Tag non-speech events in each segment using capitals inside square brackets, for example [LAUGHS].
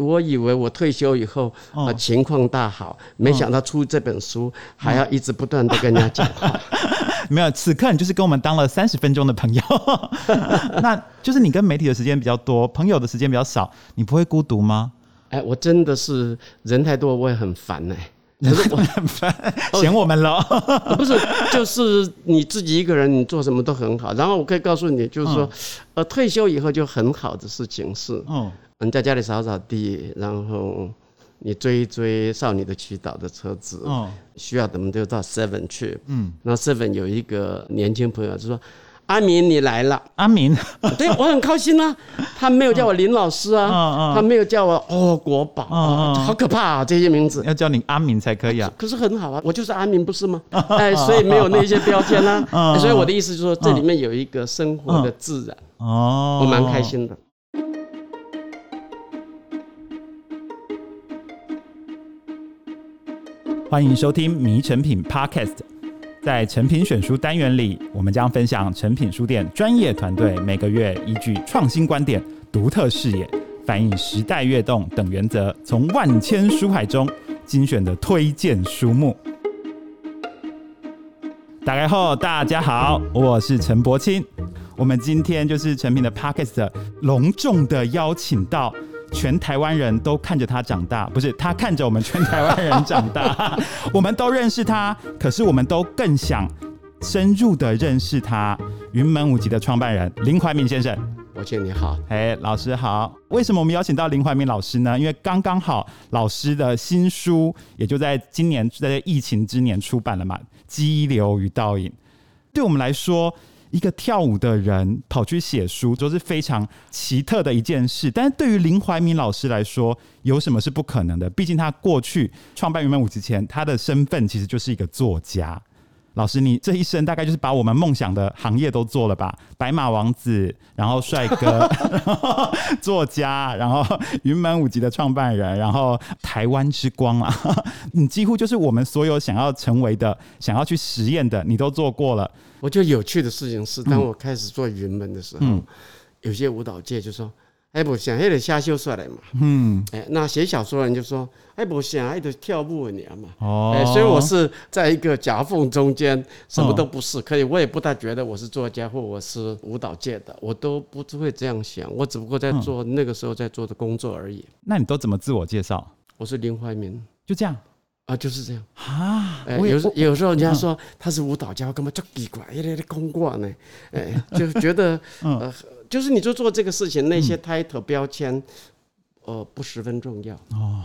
我以為我退休以後啊、呃，情況大好，哦、沒想到出這本書、哦、還要一直不斷地跟人家講。沒有，此刻你就是跟我們當了三十分鐘的朋友， [LAUGHS] 那就是你跟媒體的時間比較多，朋友的時間比較少，你不會孤獨嗎？哎，我真的是人太多，我也很煩哎、欸，我人太多很煩，哦、嫌我們了，哦、 [LAUGHS] 不是，就是你自己一個人，你做什麼都很好。然後我可以告訴你，就是說，嗯、呃，退休以後就很好的事情是，嗯你在家裡掃掃地，然後你追一追《少女的祈禱》的車子。需要怎麼就到 Seven 去。嗯，那 Seven 有一個年輕朋友就說：“阿民，你來了。”阿民，對，我很高興啊。他沒有叫我林老師啊，他沒有叫我哦國寶、啊，好可怕啊這些名字，要叫你阿民才可以啊。可是很好啊，我就是阿民不是嗎？哎，所以沒有那些標籤啊，所以我的意思就是說，這裡面有一個生活的自然。哦，我蠻開心的。歡迎收聽《迷成品 Pod》Podcast。在成品選書單元裡，我們將分享成品書店專業團隊每個月依據創新觀點、獨特視野、反映時代躍動等原則，從萬千書海中精選的推薦書目。打開後，大家好，我是陳栢青。我們今天就是成品的 Podcast，隆重的邀請到。全台灣人都看着他長大，不是他看着我們全台灣人長大。 [LAUGHS] [LAUGHS] 我們都認識他，可是我們都更想深入的認識他。雲門舞集的創辦人林懷民先生，我見你好，哎，hey, 老師好。為什麼我們邀請到林懷民老師呢？因為剛剛好，老師的新書也就在今年，在疫情之年出版了嘛，《激流與倒影》。對我們來說。一個跳舞的人跑去寫書，都是非常奇特的一件事。但是對於林懷民老師來說，有什麼是不可能的？畢竟他過去創辦雲門舞集之前，他的身份其實就是一個作家。老師，你這一生大概就是把我們夢想的行業都做了吧？白馬王子，然後帥哥， [LAUGHS] 然後作家，然後雲門舞集的創辦人，然後台灣之光啊！你幾乎就是我們所有想要成為的、想要去實驗的，你都做過了。我覺得有趣的事情是，當我開始做雲門的時候，嗯嗯、有些舞蹈界就說。還不想還得瞎修出來嘛。嗯，哎，那寫小說的人就說還不想還得跳舞的呢嘛。哦，所以我是在一個夾縫中間，什麼都不是。可以，我也不大覺得我是作家或我是舞蹈界的，我都不會這樣想。我只不過在做那個時候在做的工作而已。那你都怎麼自我介紹？我是林懷民，就這樣啊，就是這樣啊。有時有時候人家說他是舞蹈家，幹嘛就奇怪，一點的空掛呢。哎，就覺得就是你就做這個事情，那些 title，嗯、標籤，呃，不十分重要哦。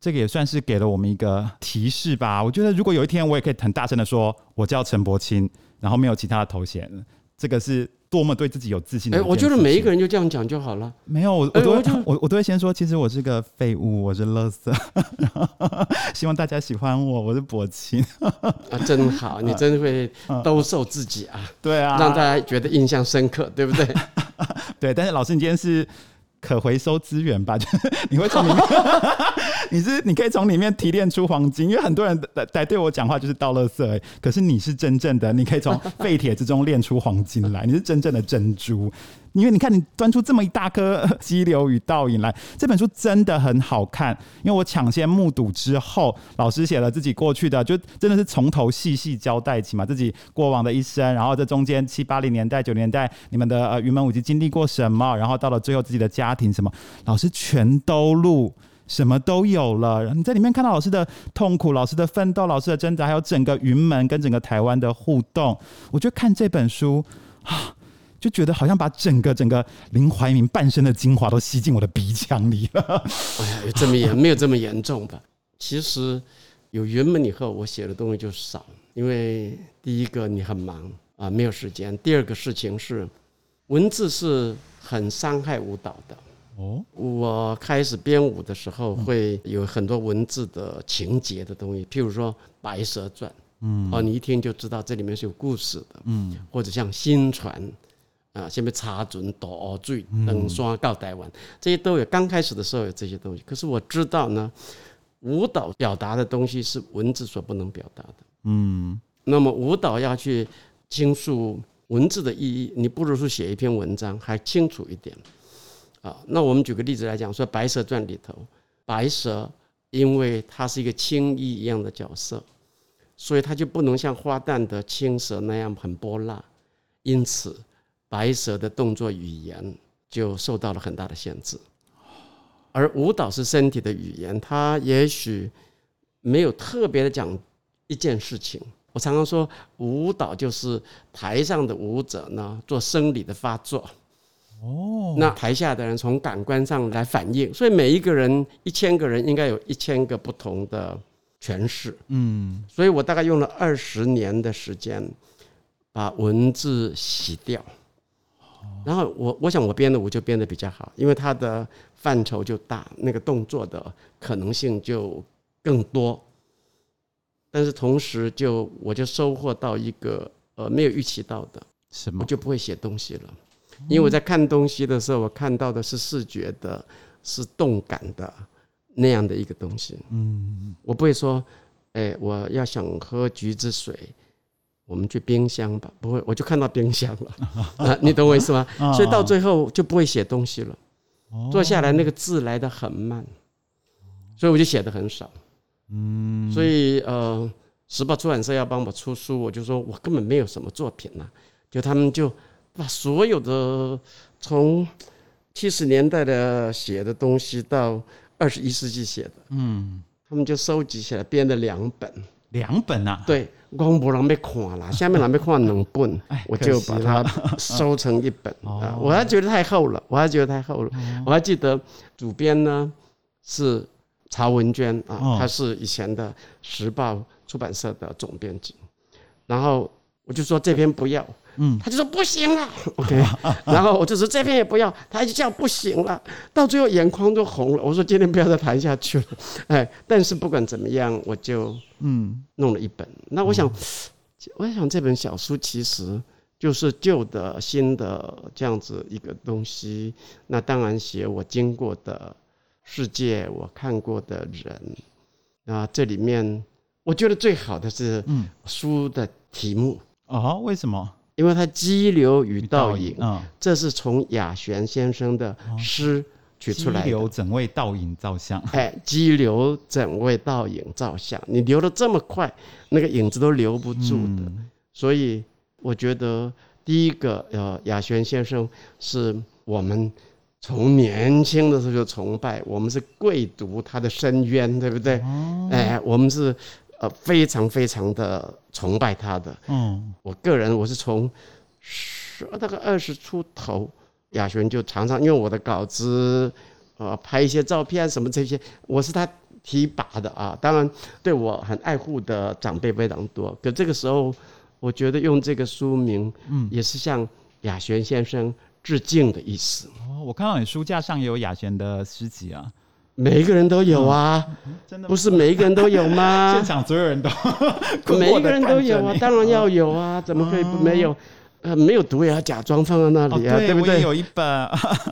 這個也算是給了我們一個提示吧。我覺得如果有一天我也可以很大聲的說，我叫陳栢青，然後沒有其他的頭銜，這個是多麼對自己有自信，的自信。的、欸、我覺得每一個人就這樣講就好了。沒有，我我都會、欸、我我都會先說，其實我是個廢物，我是樂色， [LAUGHS] 希望大家喜歡我，我是栢青。 [LAUGHS] 啊，真好，你真的會兜售自己啊。啊，嗯、對啊，讓大家覺得印象深刻，對不對？ [LAUGHS] [LAUGHS] 對，但是老師，你今天是可回收資源吧？就 [LAUGHS] 你會從裡面， [LAUGHS] 你是你可以從裡面提煉出黃金，因為很多人在對我講話就是倒垃圾，可是你是真正的，你可以從廢鐵之中煉出黃金來，你是真正的珍珠。因為你看，你端出這麼一大顆《激流與倒影》來，這本書真的很好看。因為我搶先目睹之後，老師寫了自己過去的，就真的是從頭細細交代起嘛，自己過往的一生，然後這中間七八零年代、九零年代，你們的呃雲門舞集經歷過什麼，然後到了最後自己的家庭什麼，老師全都錄，什麼都有了。你在裡面看到老師的痛苦、老師的奮鬥、老師的掙扎，還有整個雲門跟整個台灣的互動，我覺得看這本書啊。就覺得好像把整個整個林懷民半生的精華都吸進我的鼻腔裡了。哎呀，有這麼嚴？沒有這麼嚴重吧？ [LAUGHS] 其實有雲門以後，我寫的東西就少，因為第一個你很忙啊，沒有時間；第二個事情是文字是很傷害舞蹈的。哦，我開始編舞的時候會有很多文字的情節的東西，嗯、譬如說《白蛇傳》，嗯，哦、啊，你一聽就知道這裡面是有故事的，嗯，或者像《薪傳》。啊，先被查準、搗罪、冷酸告台灣，這些都有。剛開始的時候有這些東西，可是我知道呢，舞蹈表達的東西是文字所不能表達的。嗯，那麼舞蹈要去傾訴文字的意義，你不如說寫一篇文章還清楚一點。啊，那我們舉個例子來講，說《白蛇傳》裡頭，白蛇，因為它是一個青衣一樣的角色，所以它就不能像花旦的青蛇那樣很潑辣，因此。白蛇的動作語言就受到了很大的限制，而舞蹈是身體的語言，它也許沒有特別的講一件事情。我常常說，舞蹈就是台上的舞者呢，做生理的發作，哦，那台下的人從感官上來反應，所以每一個人，一千個人應該有一千個不同的詮釋。嗯，所以我大概用了二十年的時間把文字洗掉。然後我我想我編的舞就編得比較好，因為它的範疇就大，那個動作的可能性就更多。但是同時就我就收穫到一個呃沒有預期到的什麼，我就不會寫東西了，因為我在看東西的時候，我看到的是視覺的、是動感的那樣的一個東西。嗯嗯，我不會說，哎，我要想喝橘子水。我們去冰箱吧，不會，我就看到冰箱了，啊，你懂我意思嗎？所以到最後就不會寫東西了，坐下來那個字來得很慢，所以我就寫得很少，嗯，所以呃，時報出版社要幫我出書，我就說我根本沒有什麼作品了，啊，就他們就把所有的從七十年代的寫的東西到二十一世紀寫的，嗯，他們就收集起來編了兩本。兩本啊，對，光不能被看了，下面還沒看兩本， [LAUGHS] 哎、我就把它收成一本惜、 [LAUGHS] 啊。我還覺得太厚了，我還覺得太厚了。哦、我還記得主編呢是曹文娟啊，她是以前的時報出版社的總編輯，哦、然後我就說這篇不要。嗯，嗯，他就說不行了，OK，然後我就說這邊也不要，他就叫不行了，到最後眼眶都紅了。我說今天不要再談下去了，哎，但是不管怎麼樣，我就嗯弄了一本。那我想，我想這本小書其實就是舊的、新的這樣子一個東西。那當然寫我經過的世界，我看過的人啊，這裡面我覺得最好的是嗯書的題目啊，嗯嗯，為什麼？因為它，激流與倒影，這是從瘂弦先生的詩取出來的，哎。激流怎為倒影造像？哎，激流怎為倒影造像。你流得這麼快，那個影子都留不住的。所以我覺得，第一個瘂弦先生是我們從年輕的時候就崇拜，我們是跪讀他的深淵，對不對？哎，我們是。呃，非常非常的崇拜他的。嗯，我個人我是從十，大概二十出頭，瘂弦就常常用我的稿子，呃，拍一些照片什麼這些，我是他提拔的啊。當然對我很愛護的長輩非常多。可這個時候，我覺得用這個書名，嗯，也是向瘂弦先生致敬的意思。嗯。哦，我看到你書架上也有瘂弦的詩集啊。每一個人都有啊，嗯、真的不是每一個人都有嗎？ [LAUGHS] 現場所有人都，每一個人都有啊，當然要有啊，哦、怎麼可以沒有？嗯、呃，沒有讀也要假裝放在那裡啊，哦、對，對不對？我也有一本。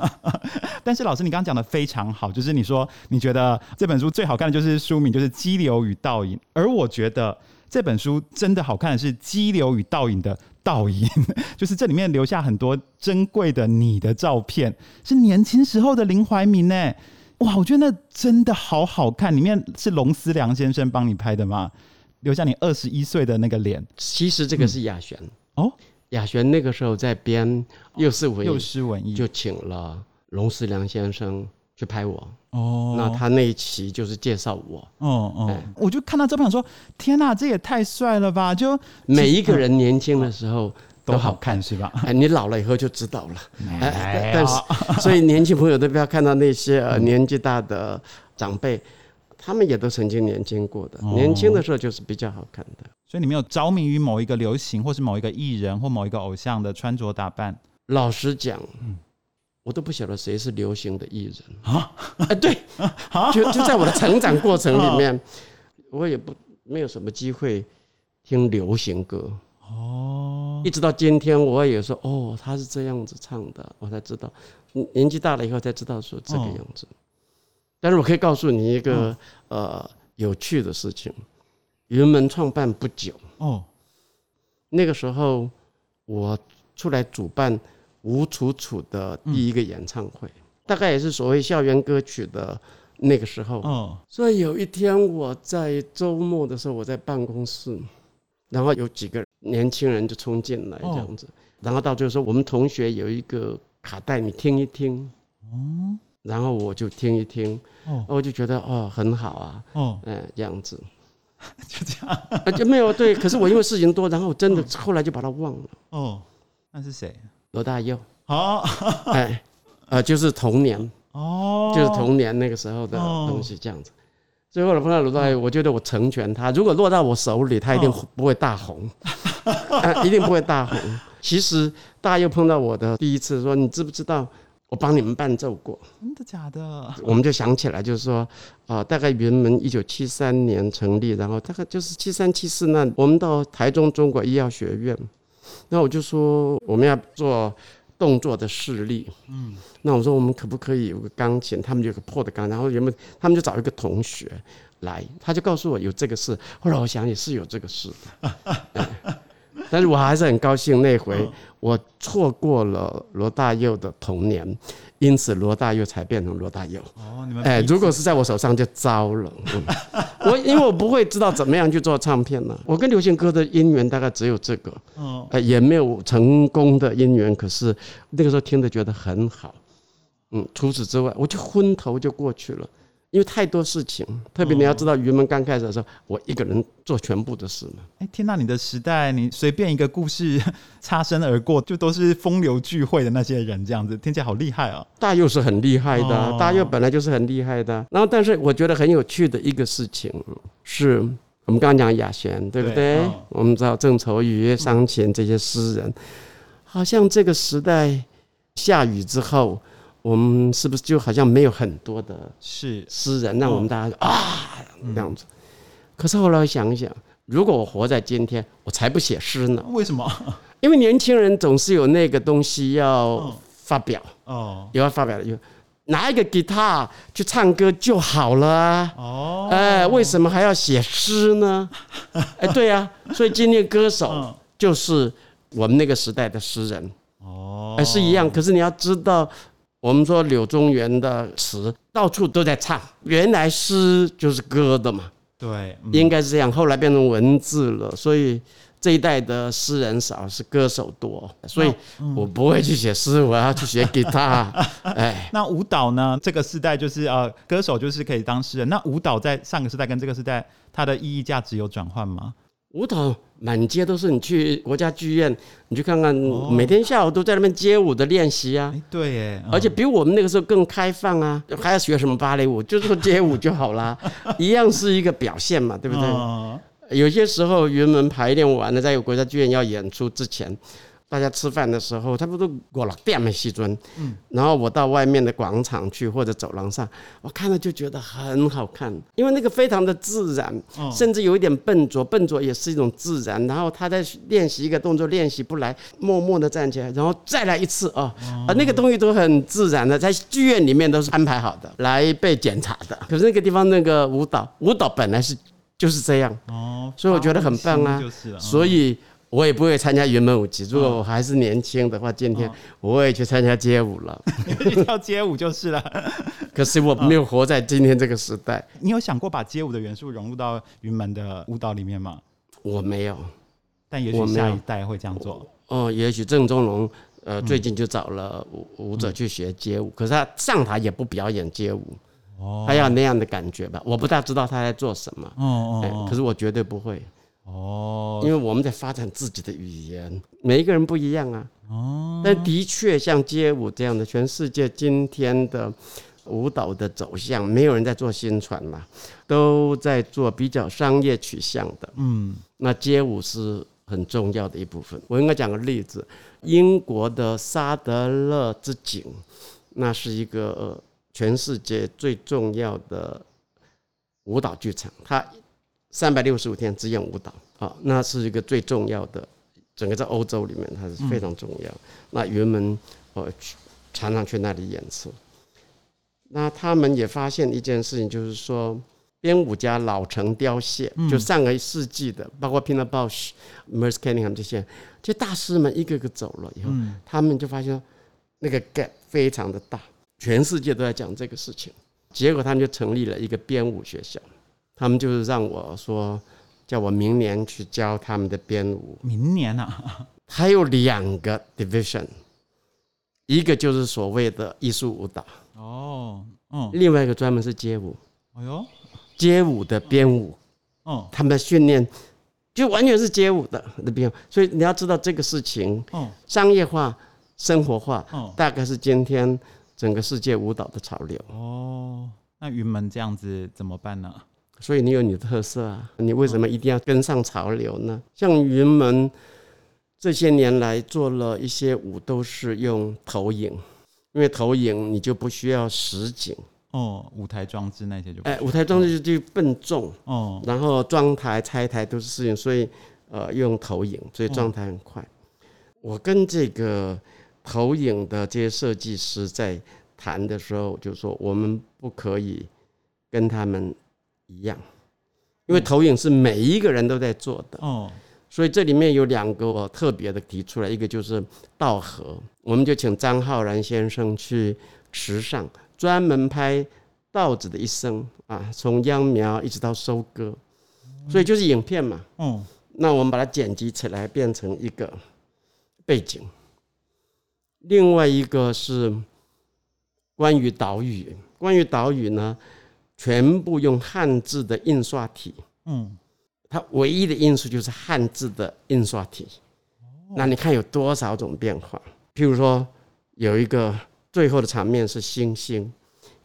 [LAUGHS] 但是老師，你剛剛講的非常好，就是你說你覺得這本書最好看的就是書名，就是《激流與倒影》，而我覺得這本書真的好看的是《激流與倒影》的倒影，就是這裡面留下很多珍貴的你的照片，是年輕時候的林懷民誒。哇，我覺得那真的好好看，裡面是龍思良先生幫你拍的嗎？留下你二十一歲的那個臉。其實這個是瘂弦、嗯、哦，瘂弦那個時候在編幼獅文幼獅、哦、文藝，就請了龍思良先生去拍我哦。那他那一期就是介紹我哦哦，我就看到照片說，天吶、啊，這也太帥了吧！就，就每一個人年輕的時候。嗯嗯都好看，都好看是吧？哎？你老了以後就知道了、 [LAUGHS] 哎哎。但是，所以年輕朋友都不要看到那些，呃、年紀大的長輩，嗯、他們也都曾經年輕過的。年輕的時候就是比較好看的。哦、所以你沒有着迷於某一個流行，或是某一個藝人，或某一個偶像的穿着打扮？老實講，我都不曉得誰是流行的藝人啊，哎！對，啊、就就在我的成長過程裡面，好我也不沒有什麼機會聽流行歌。一直到今天，我也說哦，他是這樣子唱的，我才知道，年紀大了以後才知道是這個樣子。Oh. 但是我可以告訴你一個、oh. 呃有趣的事情，雲門創辦不久哦，oh. 那個時候我出來主辦吳楚楚的第一個演唱會，oh. 大概也是所謂校園歌曲的那個時候哦。Oh. 所以有一天我在周末的時候，我在辦公室，然後有幾個人。年輕人就衝進來這樣子，然後到最後說，我們同學有一個卡帶，你聽一聽。然後我就聽一聽，我就覺得哦很好啊。哦，哎，這樣子，就這樣，就沒有對。可是我因為事情多，然後真的後來就把它忘了。哦，那是誰？羅大佑。哎、呃，就是童年。哦，就是童年那個時候的東西，這樣子。最後了碰到羅大佑，我覺得我成全他。如果落到我手裡，他一定不會大紅。 [LAUGHS] 啊、一定不會大紅。其實大家又碰到我的第一次說，說你知不知道我幫你們伴奏過？真的假的？我們就想起來，就是說，啊、呃，大概雲門一九七三年成立，然後大概就是七三七四那，我們到台中中國醫藥學院，那我就說我們要做動作的示例，嗯，那我說我們可不可以有個鋼琴？他們就有個破的鋼，然後雲門他們就找一個同學來，他就告訴我有這個事。後來我想也是有這個事 [LAUGHS] 但是我還是很高興，那回我錯過了羅大佑的童年，因此羅大佑才變成羅大佑。哦，你哎，如果是在我手上就糟了。嗯、我因為我不會知道怎麼樣去做唱片呢，啊。我跟流行歌的因緣大概只有這個，哎、也沒有成功的因緣。可是那個時候聽的覺得很好，嗯，除此之外我就昏頭就過去了。因為太多事情，特別你要知道，雲門剛開始的時候，哦、我一個人做全部的事嘛。哎、欸，聽到、啊、你的時代，你隨便一個故事擦身而過，就都是風流聚會的那些人，這樣子聽起來好厲害啊、哦！大佑是很厲害的，哦、大佑本來就是很厲害的。然後，但是我覺得很有趣的一個事情是，是我們剛剛講瘂弦，對不對？對哦、我們知道鄭愁予、商禽這些詩人，嗯、好像這個時代下雨之後。嗯我們是不是就好像沒有很多的詩詩人？那我們大家啊，這樣子。可是後來我想一想，如果我活在今天，我才不寫詩呢。為什麼？因為年輕人總是有那個東西要發表哦，也要發表的就拿一個吉他去唱歌就好了哦。哎，為什麼還要寫詩呢？哎，對啊，所以今天歌手就是我們那個時代的詩人哦、呃，是一樣。可是你要知道。我們說柳宗元的詞到處都在唱，原來詩就是歌的嘛。對，嗯、應該是這樣。後來變成文字了，所以這一代的詩人少，是歌手多。所以我不會去寫詩，哦嗯、我要去寫吉他。 [LAUGHS] 哎、那舞蹈呢？這個時代就是呃，歌手就是可以當詩人。那舞蹈在上個時代跟這個時代，它的意義價值有轉換嗎？舞蹈滿街都是，你去國家劇院，你去看看，每天下午都在那邊街舞的練習啊。對，哎，而且比我們那個時候更開放啊，還要學什麼芭蕾舞，就是說街舞就好啦，一樣是一個表現嘛，對不對？有些時候，雲門排練完了，在有國家劇院要演出之前。大家吃飯的時候，差不多過了店門西裝，嗯，然後我到外面的廣場去或者走廊上，我看了就覺得很好看，因為那個非常的自然，甚至有一點笨拙，笨拙也是一種自然。然後他在練習一個動作，練習不來，默默的站起來，然後再來一次哦，啊，哦、那個東西都很自然的，在劇院裡面都是安排好的，來被檢查的。可是那個地方那個舞蹈，舞蹈本來是就是這樣，哦，所以我覺得很棒啊，就是了、嗯、所以。我也不會參加雲門舞集。如果我還是年輕的話，今天我也去參加街舞了，跳街舞就是了。可是我沒有活在今天這個時代。你有想過把街舞的元素融入到雲門的舞蹈裡面嗎？我沒有，但也許下一代會這樣做。哦，也許鄭宗龍，呃，最近就找了舞舞者去學街舞，嗯、可是他上台也不表演街舞，哦，他要那樣的感覺吧？我不大知道他在做什麼。哦，哦，哦、欸，可是我絕對不會。哦，oh, 因為我們在發展自己的語言，每一個人不一樣啊。哦，oh. 但的確像街舞這樣的，全世界今天的舞蹈的走向，沒有人在做宣傳嘛，都在做比較商業取向的。嗯，oh. 那街舞是很重要的一部分。我應該講個例子，英國的薩德勒之井，那是一個全世界最重要的舞蹈劇場，它，三百六十五天只演舞蹈啊，那是一個最重要的，整個在歐洲裡面它是非常重要。嗯、那雲門呃常常去那裡演出。那他們也發現一件事情，就是說編舞家老成凋謝，嗯、就上個一世紀的，包括 Pina Bausch、Merce Cunningham 這些，這大師們一個一個走了以後，嗯、他們就發現那個 gap 非常的大，全世界都在講這個事情，結果他們就成立了一個編舞學校。他們就是讓我說，叫我明年去教他們的編舞。明年啊，還有兩個 division，一個就是所謂的藝術舞蹈，哦，嗯、哦，另外一個專門是街舞。哎呦，街舞的編舞，哦，他們的訓練就完全是街舞的的編舞，所以你要知道這個事情，嗯、哦，商業化、生活化，哦、大概是今天整個世界舞蹈的潮流。哦，那雲門這樣子怎麼辦呢？所以你有你的特色啊，你為什麼一定要跟上潮流呢？像雲門這些年來做了一些舞，都是用投影，因為投影你就不需要實景哦，舞台裝置那些就不哎，舞台裝置就就笨重哦，然後裝台拆台都是事情，所以呃用投影，所以裝台很快。哦，我跟這個投影的這些設計師在談的時候，就說我們不可以跟他們。一樣，因為投影是每一個人都在做的哦，所以這裡面有兩個我特別的提出來，一個就是稻禾，我們就請張浩然先生去池上專門拍稻子的一生啊，從秧苗，一直到收割，所以就是影片嘛，嗯，那我們把它剪輯起來變成一個背景。另外一個是關於島嶼，關於島嶼呢。全部用漢字的印刷體，嗯，它唯一的因素就是漢字的印刷體。那你看有多少種變化？譬如說，有一個最後的場面是星星，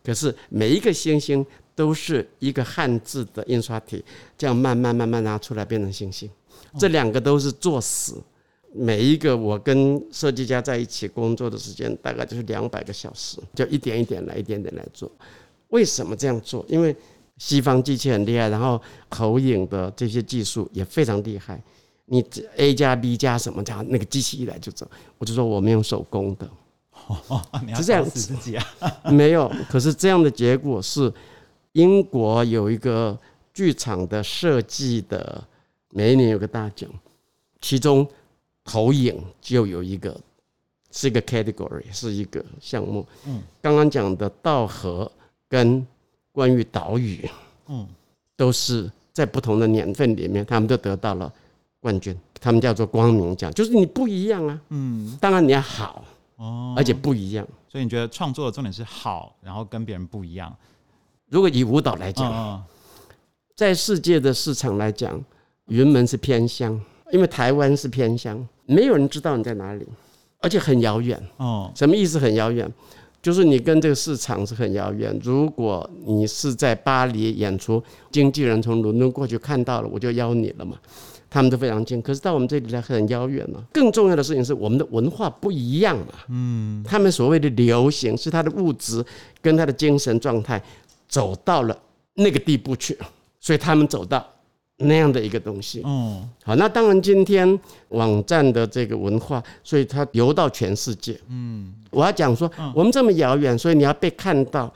可是每一個星星都是一個漢字的印刷體，這樣慢慢慢慢拿出來變成星星。這兩個都是做死。每一個我跟設計家在一起工作的時間大概就是兩百個小時，就一點一點來，一點點來做。為什麼這樣做？因為西方機器很厲害，然後投影的這些技術也非常厲害。你 A 加 B 加什麼加那個機器一來就走，我就說我們用手工的，是、哦啊、 [LAUGHS] 這樣子自己啊，沒有。可是這樣的結果是，英國有一個劇場的設計的，每一年有一個大獎，其中投影就有一個是一個 category，是一個項目。嗯，剛剛講的稻禾，跟關於島嶼，嗯，都是在不同的年份裡面，他們都得到了冠軍。他們叫做“光明獎”，就是你不一樣啊，嗯，當然你要好哦，而且不一樣。所以你覺得創作的重點是好，然後跟別人不一樣。如果以舞蹈來講，哦，在世界的市場來講，雲門是偏鄉，因為台灣是偏鄉，沒有人知道你在哪裡，而且很遙遠哦。什麼意思很遙遠？很遙遠。就是你跟這個市場是很遙遠。如果你是在巴黎演出，經紀人從倫敦過去看到了，我就邀你了嘛。他們都非常近，可是到我們這裡來很遙遠了啊。更重要的事情是，我們的文化不一樣了啊。嗯，他們所謂的流行是他的物質跟他的精神狀態走到了那個地步去，所以他們走到。那樣的一個東西，好，那當然，今天網站的這個文化，所以它流到全世界，嗯，我要講說，我們這麼遙遠，所以你要被看到，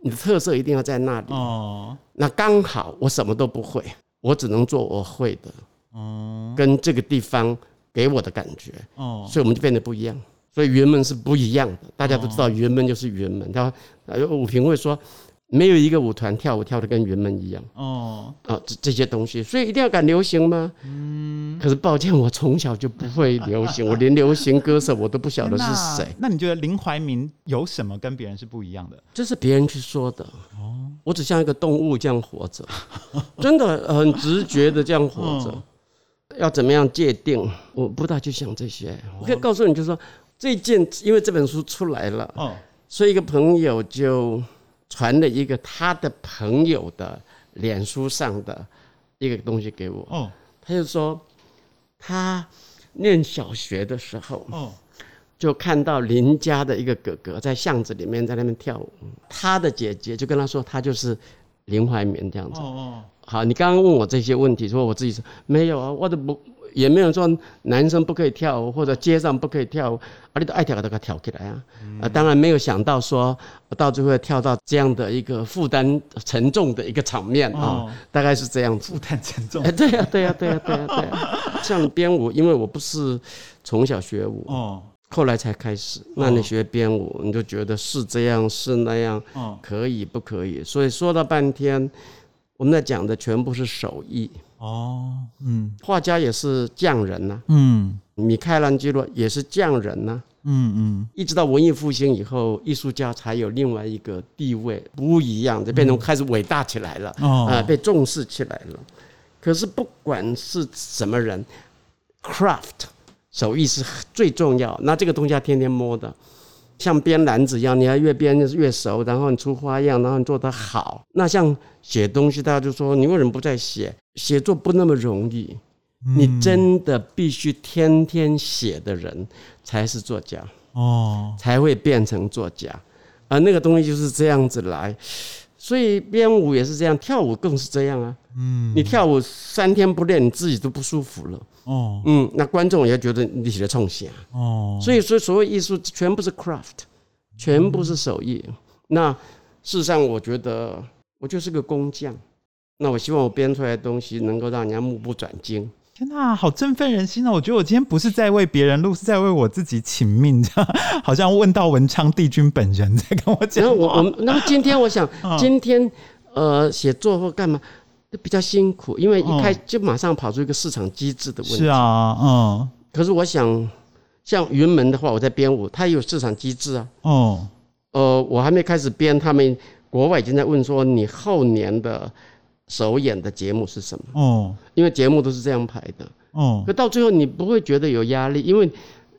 你的特色一定要在那裡，哦，那剛好我什麼都不會，我只能做我會的，哦，跟這個地方給我的感覺，哦，所以我們就變得不一樣，所以雲門是不一樣的，大家都知道，雲門就是雲門，然後，哎舞評會說。沒有一個舞團跳舞跳的跟雲門一樣，哦，啊這、哦、這些東西，所以一定要趕流行嗎？嗯。可是抱歉，我從小就不會流行，我連流行歌手我都不曉得是誰。哎、那，那你覺得林懷民有什麼跟別人是不一樣的？這是別人去說的哦。我只像一個動物這樣活着，真的很直覺的這樣活着。哦、要怎麼樣界定？我不大去想這些。我可以告訴你，就是說最近因為這本書出來了，哦，所以一個朋友就。傳了一個他的朋友的臉書上的一個東西給我，他就說他念小學的時候，就看到鄰家的一個哥哥在巷子裡面在那邊跳舞，他的姐姐就跟他說他就是林懷民這樣子。好，你剛剛問我這些問題，說我自己說沒有啊，我都不。也沒有說男生不可以跳舞，或者街上不可以跳舞，啊你都愛跳，都可以跳起來啊！啊，當然沒有想到說到最後跳到這樣的一個負擔沉重的一個場面啊，大概是這樣子。負擔沉重。哎，對呀、啊，對呀、啊，對呀、啊，對呀、啊，對呀、啊。像編舞，因為我不是從小學舞哦，後來才開始。那你學編舞，你就覺得是這樣，是那樣，可以不可以？所以說了半天。我們在講的全部是手藝哦，嗯，畫家也是匠人吶，嗯，米開朗基羅也是匠人吶，嗯嗯，一直到文藝復興以後，藝術家才有另外一個地位，不一樣的，變成開始偉大起來了，啊，被重視起來了。可是不管是什麼人，craft 手藝是最重要，那這個東西要天天摸的。像編籃子一樣，你要越編越熟，然後你出花樣，然後你做得好。那像寫東西，大家就說你為什麼不再寫？寫作不那麼容易，你真的必須天天寫的人才是作家哦，嗯、才會變成作家。哦、而那個東西就是這樣子來，所以編舞也是這樣，跳舞更是這樣啊。嗯，你跳舞三天不練，你自己都不舒服了。哦，嗯，那觀眾也覺得你寫的沖洗啊。哦，所以說，所謂藝術全部是 craft，全部是手藝。嗯、那事實上，我覺得我就是個工匠。那我希望我編出來的東西能夠讓人家目不轉睛。天哪、啊，好振奮人心啊、哦！我覺得我今天不是在為別人錄，是在為我自己請命這樣，好像問到文昌帝君本人在跟我講。我我那今天我想、哦、今天呃寫作或幹嘛。比較辛苦，因為一開就馬上跑出一個市場機制的問題、嗯。是啊，嗯。可是我想，像雲門的話，我在編舞，它有市場機制啊。哦、嗯。呃，我還沒開始編，他們國外已經在問說，你後年的首演的節目是什麼？哦、嗯。因為節目都是這樣排的。哦、嗯。可到最後，你不會覺得有壓力，因為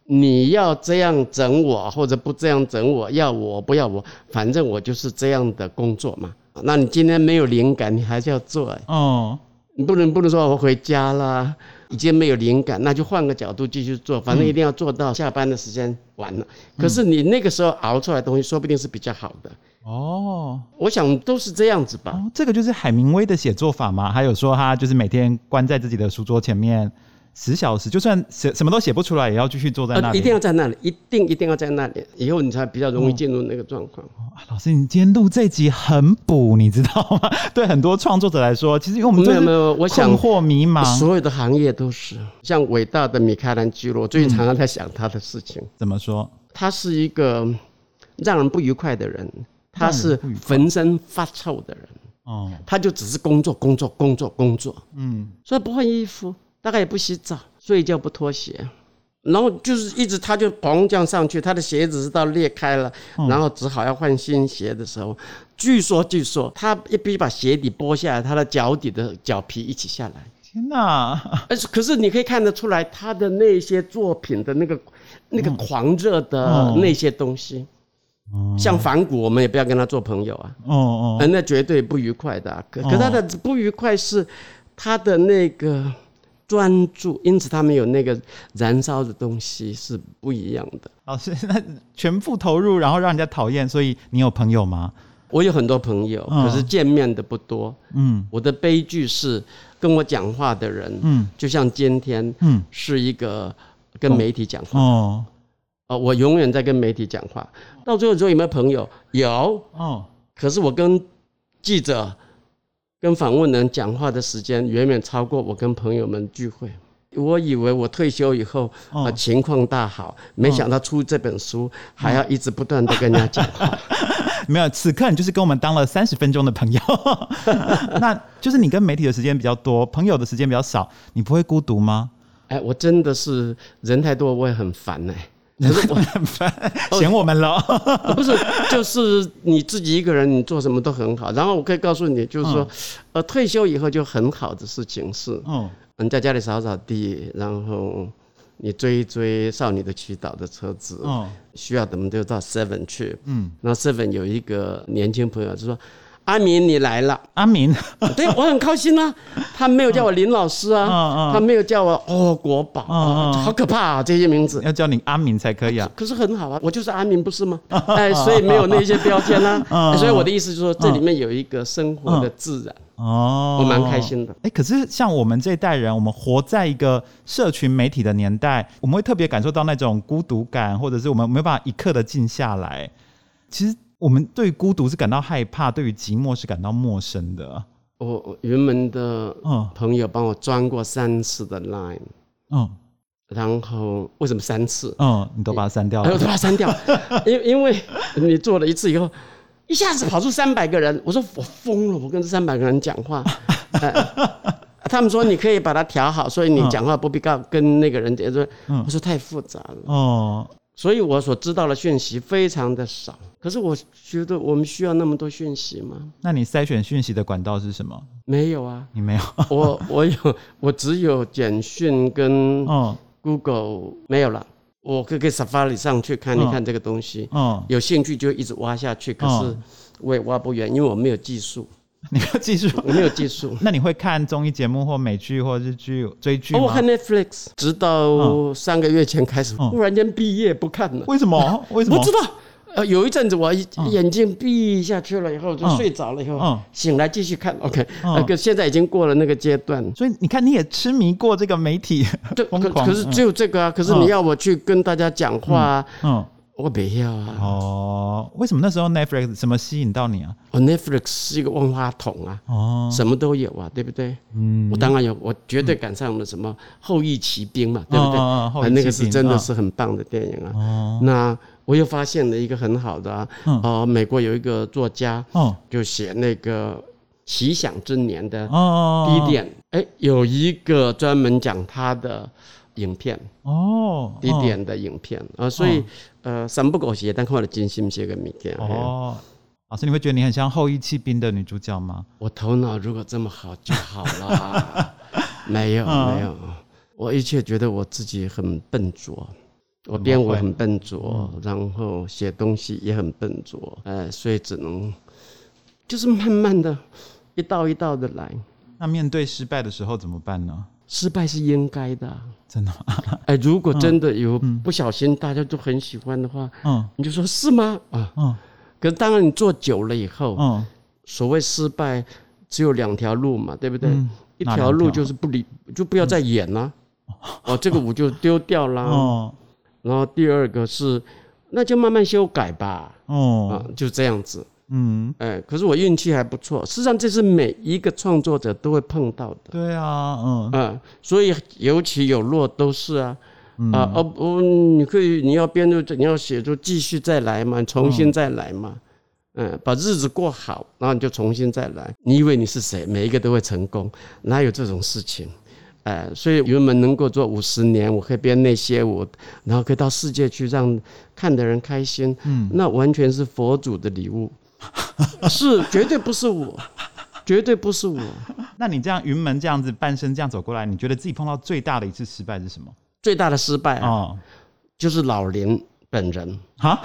你要這樣整我，或者不這樣整我，要我不要我，反正我就是這樣的工作嘛。那你今天沒有靈感，你還是要做、欸、哦。你不能不能說我回家了，已經沒有靈感，那就換個角度繼續做，反正一定要做到下班的時間完了。嗯、可是你那個時候熬出來的東西，說不定是比較好的哦。我想都是這樣子吧。哦、這個就是海明威的寫作法嘛？還有說他就是每天關在自己的書桌前面。十小時，就算寫什麼都寫不出來，也要繼續坐在那裡、呃。一定要在那裡，一定一定要在那裡，以後你才比較容易進入那個狀況。哦哦啊、老師，你今天錄這集很補，你知道嗎？對很多創作者來說，其實因為我們沒有沒有我想或迷茫，所有的行業都是像偉大的米開朗基羅，最近常常在想他的事情。嗯、怎麼說？他是一個讓人不愉快的人，他是渾身發臭的人哦。嗯、他就只是工作、工作、工作、工作，嗯，所以不換衣服。大概也不洗澡，睡覺不脫鞋，然後就是一直他就狂降上去，他的鞋子是到裂開了，然後只好要換新鞋的時候，嗯、據說據說他一筆把鞋底剝下來，他的腳底的腳皮一起下來。天哪、啊！可是你可以看得出來他的那些作品的那個那個狂熱的那些東西，嗯嗯、像反骨，我們也不要跟他做朋友啊。哦哦、嗯，嗯、那絕對不愉快的、啊。可、嗯、可他的不愉快是他的那個。專注，因此他們有那個燃燒的東西是不一樣的。好師、哦，那全部投入，然後讓人家討厭。所以你有朋友嗎？我有很多朋友，哦、可是見面的不多。嗯，我的悲劇是跟我講話的人，嗯，就像今天，嗯，是一個跟媒體講話。哦、呃，我永遠在跟媒體講話，哦、到最後說有沒有朋友？有，嗯、哦，可是我跟記者。跟訪問人講話的時間遠遠超過我跟朋友們聚會。我以為我退休以後、啊、情況大好，沒想到出這本書還要一直不斷地跟人家講話。嗯嗯、沒有，此刻你就是跟我們當了三十分鐘的朋友 [LAUGHS] [LAUGHS] [LAUGHS] 那就是你跟媒體的時間比較多，朋友的時間比較少，你不會孤獨嗎？哎，欸、我真的是人太多，我也很煩哎。可是我 [LAUGHS] 嫌我們了， [LAUGHS] 不是，就是你自己一個人，你做什麼都很好。然後我可以告訴你，就是說，呃，退休以後就很好的事情是，嗯，你在家裡掃掃地，然後你追一追少女的祈禱的車子，需要怎麼都到 Seven 去，嗯，那 Seven 有一個年輕朋友就說。阿民，你來了！阿民，對，我很開心啊。他沒有叫我林老師啊，嗯嗯嗯，他沒有叫我哦國寶，嗯嗯啊，好可怕啊！這些名字要叫你阿民才可以啊，欸。可是很好啊，我就是阿民，不是嗎？哎，欸，所以沒有那些標籤啊，嗯欸。所以我的意思就是說，嗯，這裡面有一個生活的自然哦，嗯嗯，我蠻開心的。哎，欸，可是像我們這一代人，我們活在一個社群媒體的年代，我們會特別感受到那種孤獨感，或者是我們沒辦法一刻的靜下來。其實。我們對孤獨是感到害怕，對於寂寞是感到陌生的、啊。我雲、哦、門的朋友幫我裝過三次的 line，嗯，然後為什麼三次？嗯，你都把它刪掉了，哎、都把它刪掉， [LAUGHS] 因為因為你做了一次以後，一下子跑出三百個人，我說我瘋了，我跟這三百個人講話，呃、 [LAUGHS] 他們說你可以把它調好，所以你講話不必告、嗯、跟那個人講。我說太複雜了。哦、嗯。嗯所以我所知道的訊息非常的少，可是我覺得我們需要那麼多訊息嗎？那你篩選訊息的管道是什麼？沒有啊，你沒有 [LAUGHS] 我，我我有，我只有簡訊跟 Google、oh. 沒有了，我可以 Safari 上去看一看這個東西，oh. 有興趣就一直挖下去，可是我也挖不遠，因為我沒有技術。你要技術？我沒有技術。 [LAUGHS] 那你會看綜藝節目或美劇或日劇追劇嗎？我看 Netflix，直到三個月前開始，忽、嗯、然間畢業不看了、嗯。為什麼？為什麼？我知道。呃，有一陣子我眼睛閉下去了，以後就睡着了，以後、嗯、醒來繼續看。OK，那個、嗯呃、現在已經過了那個階段。所以你看，你也痴迷過這個媒體，就狂可，可是只有這個啊。嗯、可是你要我去跟大家講話、啊，嗯嗯我不要啊。哦，為什麼那時候 Netflix 怎麼吸引到你啊？哦，Netflix 是一個萬花筒啊，哦，什麼都有啊，對不對？嗯，我當然有，我絕對趕上了什麼《後翼棄兵》嘛，對不對？啊，那個是真的是很棒的電影啊。那我又發現了一個很好的，哦。美國有一個作家，哦，就寫那個《奇想之年》的哦，第一點，哎，有一個專門講他的。影片哦，一點的影片，哦、啊，所以，哦、呃，神不夠寫，但我看的真心寫個名片哦。老師、哎呀，啊，所以你會覺得你很像後翼棄兵的女主角嗎？我頭腦如果這麼好就好了， [LAUGHS] 沒有、嗯、沒有，我一直覺得我自己很笨拙，我編舞很笨拙，然後寫東西也很笨拙，呃、哎，所以只能就是慢慢的一道一道的來。那面對失敗的時候怎麼辦呢？失敗是應該的、啊，真的嗎？哎、欸，如果真的有不小心，大家都很喜歡的話，嗯，嗯，你就說是嗎？啊，嗯、可是當然，你做久了以後，嗯，所謂失敗只有兩條路嘛，對不對？嗯、一條路就是不理，就不要再演了、啊，哦、嗯啊，這個舞就丟掉了。嗯、然後第二個是，那就慢慢修改吧。哦、嗯啊，就這樣子。嗯，哎，可是我運氣還不錯。實際上，這是每一個創作者都會碰到的。對啊，嗯嗯，所以有起有落都是啊，嗯、啊，哦，不你可以，你要編就你要寫出繼續再來嘛，重新再來嘛，嗯,嗯，把日子過好，然後你就重新再來。你以為你是誰？每一個都會成功，哪有這種事情？哎、呃，所以雲門能夠做五十年，我可以編那些舞，然後可以到世界去讓看的人開心，嗯，那完全是佛祖的禮物。 [LAUGHS] 是，絕對不是我，絕對不是我。那你這樣雲門這樣子半生這樣走過來，你覺得自己碰到最大的一次失敗是什麼？最大的失敗啊，哦、就是老林本人哈，啊、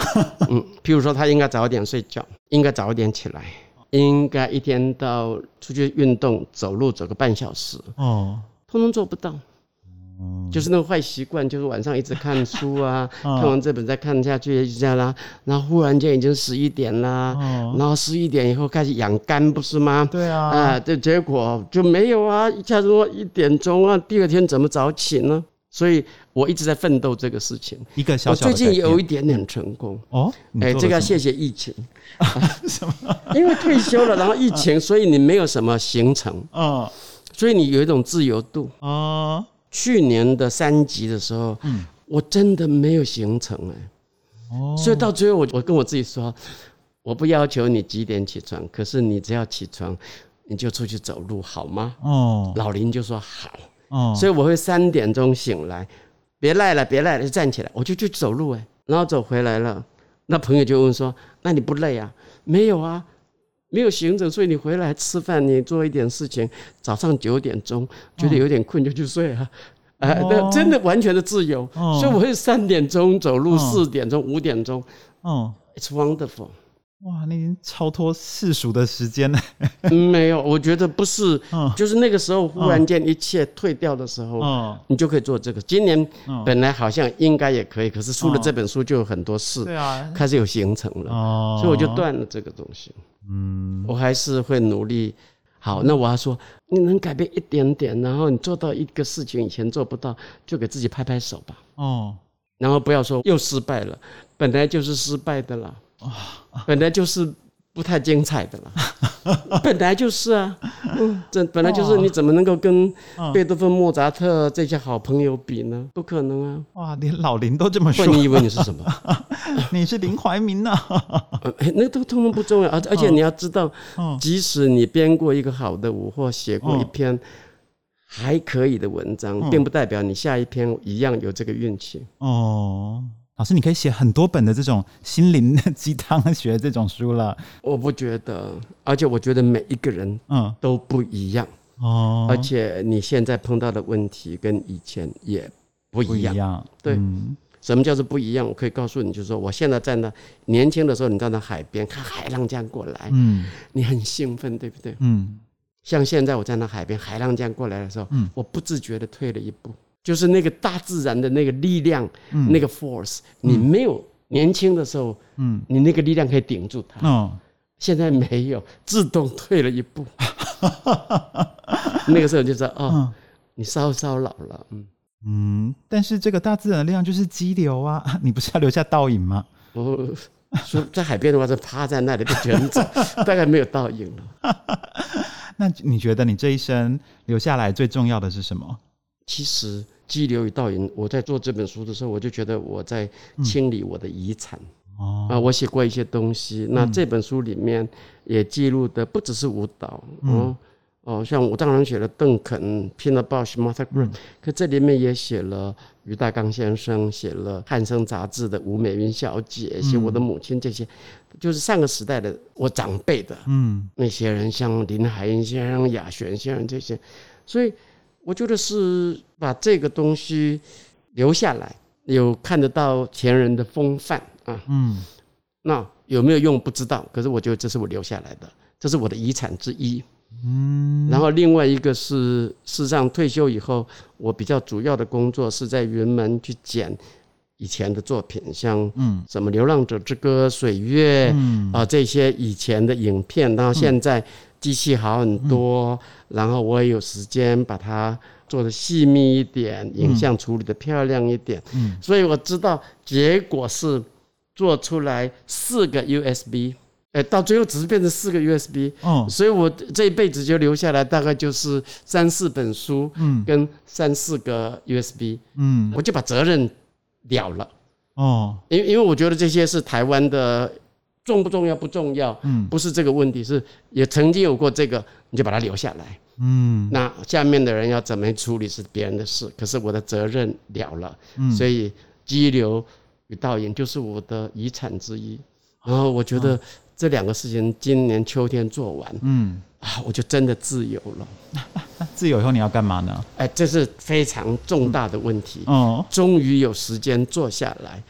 [LAUGHS] 嗯，譬如說他應該早點睡覺，應該早點起來，應該一天到出去運動，走路走個半小時。哦，通通做不到。就是那個壞習慣，就是晚上一直看書啊，看完這本再看下去，一下啦。然後忽然間已經十一點啦，然後十一點以後開始養肝，不是嗎？對啊，哎，這結果就沒有啊，一下子一點鐘啊，第二天怎麼早起呢？所以，我一直在奮鬥這個事情。一個小小，我最近有一點點成功哦。哎，這個要謝謝疫情，什麼？因為退休了，然後疫情，所以你沒有什麼行程，嗯，所以你有一種自由度哦。去年的三級的時候，嗯、我真的沒有行程哎。哦、所以到最後我跟我自己說，我不要求你幾點起床，可是你只要起床，你就出去走路好嗎？哦、老林就說好，哦、所以我會三點鐘醒來，別賴了，別賴了，就站起來，我就去走路哎，然後走回來了，那朋友就問說，那你不累啊？沒有啊。沒有行程，所以你回來吃飯，你做一點事情。早上九點鐘覺得有點困，就去睡了。啊，oh. 呃，那真的完全的自由，oh. 所以我會三點鐘走路，四點鐘、五點鐘。Oh. It's wonderful. 哇，那已經超脫世俗的時間了。沒有，我覺得不是， [LAUGHS] 就是那個時候忽然間一切退掉的時候，哦哦、你就可以做這個。今年本來好像應該也可以，可是出了這本書就有很多事，哦、對啊，開始有行程了，哦、所以我就斷了這個東西。嗯、哦，我還是會努力。好，那我要說，你能改變一點點，然後你做到一個事情以前做不到，就給自己拍拍手吧。哦，然後不要說又失敗了，本來就是失敗的啦。哦哦、本來就是不太精彩的了，本來就是啊、嗯，這、哦、本來就是，你怎麼能夠跟貝多芬、莫扎特這些好朋友比呢？不可能啊！哇，連老林都這麼說，你以為你是什麼？啊、你是林懷民啊，啊、哎？那都通通不重要，而且你要知道，即使你編過一個好的舞，或寫過一篇還可以的文章，並不代表你下一篇一樣有這個運氣哦。嗯嗯嗯老師，你可以寫很多本的這種心靈雞湯學這種書了。我不覺得，而且我覺得每一個人嗯都不一樣、嗯、哦。而且你現在碰到的問題跟以前也不一樣。不一樣對，嗯、什麼叫做不一樣？我可以告訴你，就是說，我現在站在年輕的時候，你站在海邊看海浪這樣過來，嗯，你很興奮，對不對？嗯，像現在我站在那海邊，海浪這樣過來的時候，嗯，我不自覺的退了一步。就是那個大自然的那個力量，嗯、那個 force，、嗯、你沒有年輕的時候，嗯、你那個力量可以頂住它，嗯、現在沒有，自動退了一步， [LAUGHS] 那個時候就說啊，哦嗯、你稍稍老了，嗯嗯，但是這個大自然的力量就是激流啊，你不是要留下倒影嗎？哦，說在海邊的話，就趴在那裡不捲走， [LAUGHS] 大概沒有倒影了。 [LAUGHS] 那你覺得你這一生留下來最重要的是什麼？其實，激流與倒影，我在做這本書的時候，我就覺得我在清理我的遺產。啊、嗯哦呃，我寫過一些東西，那這本書裡面也記錄的不只是舞蹈，嗯、哦哦，像我當然寫了鄧肯、Pina Bausch、嗯、Martha Graham，可這裡面也寫了俞大綱先生，寫了《漢聲》雜誌的吳美雲小姐，寫我的母親，這些、嗯、就是上個時代的我長輩的，嗯那，那些人，像林海音先生、瘂弦先生這些，所以。我覺得是把這個東西留下來，有看得到前人的風範啊。嗯，那有沒有用不知道，可是我覺得這是我留下來的，這是我的遺產之一。嗯，然後另外一個是，事實上退休以後，我比較主要的工作是在雲門去剪以前的作品，像嗯什麼《流浪者之歌》《水月》啊這些以前的影片，然後現在。機器好很多，嗯、然後我也有時間把它做得細密一點，嗯、影像處理得漂亮一點，嗯，所以我知道結果是做出來四個 USB，哎，欸，到最後只是變成四個 USB，哦，所以我這一輩子就留下來大概就是三四本書，嗯，跟三四個 USB，嗯，我就把責任了了，哦，因為因為我覺得這些是台灣的。重不重要不重要，嗯，不是這個問題，是也曾經有過這個，你就把它留下來，嗯，嗯，那下面的人要怎麼處理是別人的事，可是我的責任了了，嗯，所以激流與倒影就是我的遺產之一，然後我覺得這兩個事情今年秋天做完，嗯，啊，我就真的自由了。自由以後你要幹嘛呢？哎，這是非常重大的問題，哦，終於有時間坐下來。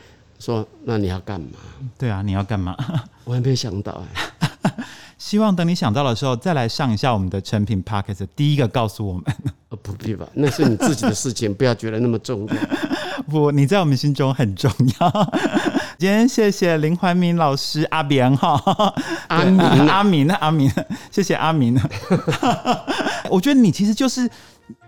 說那你要幹嘛？對啊，你要幹嘛？我還沒有想到哎、欸。 [LAUGHS] 希望等你想到的時候，再來上一下我們的誠品 Podcast 第一個告訴我們、哦，不必吧，那是你自己的事情，不要覺得那麼重要。 [LAUGHS] 不，你在我們心中很重要。 [LAUGHS] 今天謝謝林懷民老師，阿比安哈，阿民， [LAUGHS] 阿民，阿民，謝謝阿民。 [LAUGHS] 我覺得你其實就是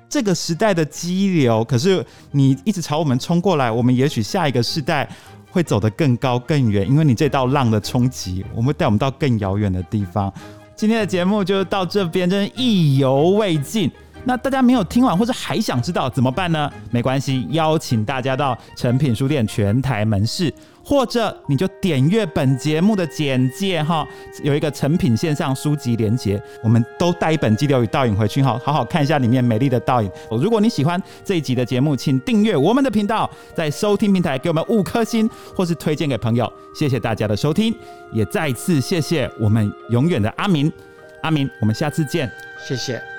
這個時代的激流，可是你一直朝我們衝過來，我們也許下一個世代。會走得更高更遠，因為你這道浪的衝擊，我們會帶我們到更遙遠的地方。今天的節目就到這邊，真的意猶未盡。那大家沒有聽完或者還想知道怎麼辦呢？沒關係，邀請大家到誠品書店全台門市。或者你就點閱本節目的簡介哈，有一個誠品線上書籍連結，我們都帶一本《激流與倒影》回去哈，好好看一下裡面美麗的倒影。如果你喜歡這一集的節目，請訂閱我們的頻道，在收聽平台給我們五顆星，或是推薦給朋友。謝謝大家的收聽，也再次謝謝我們永遠的阿民，阿民，我們下次見，謝謝。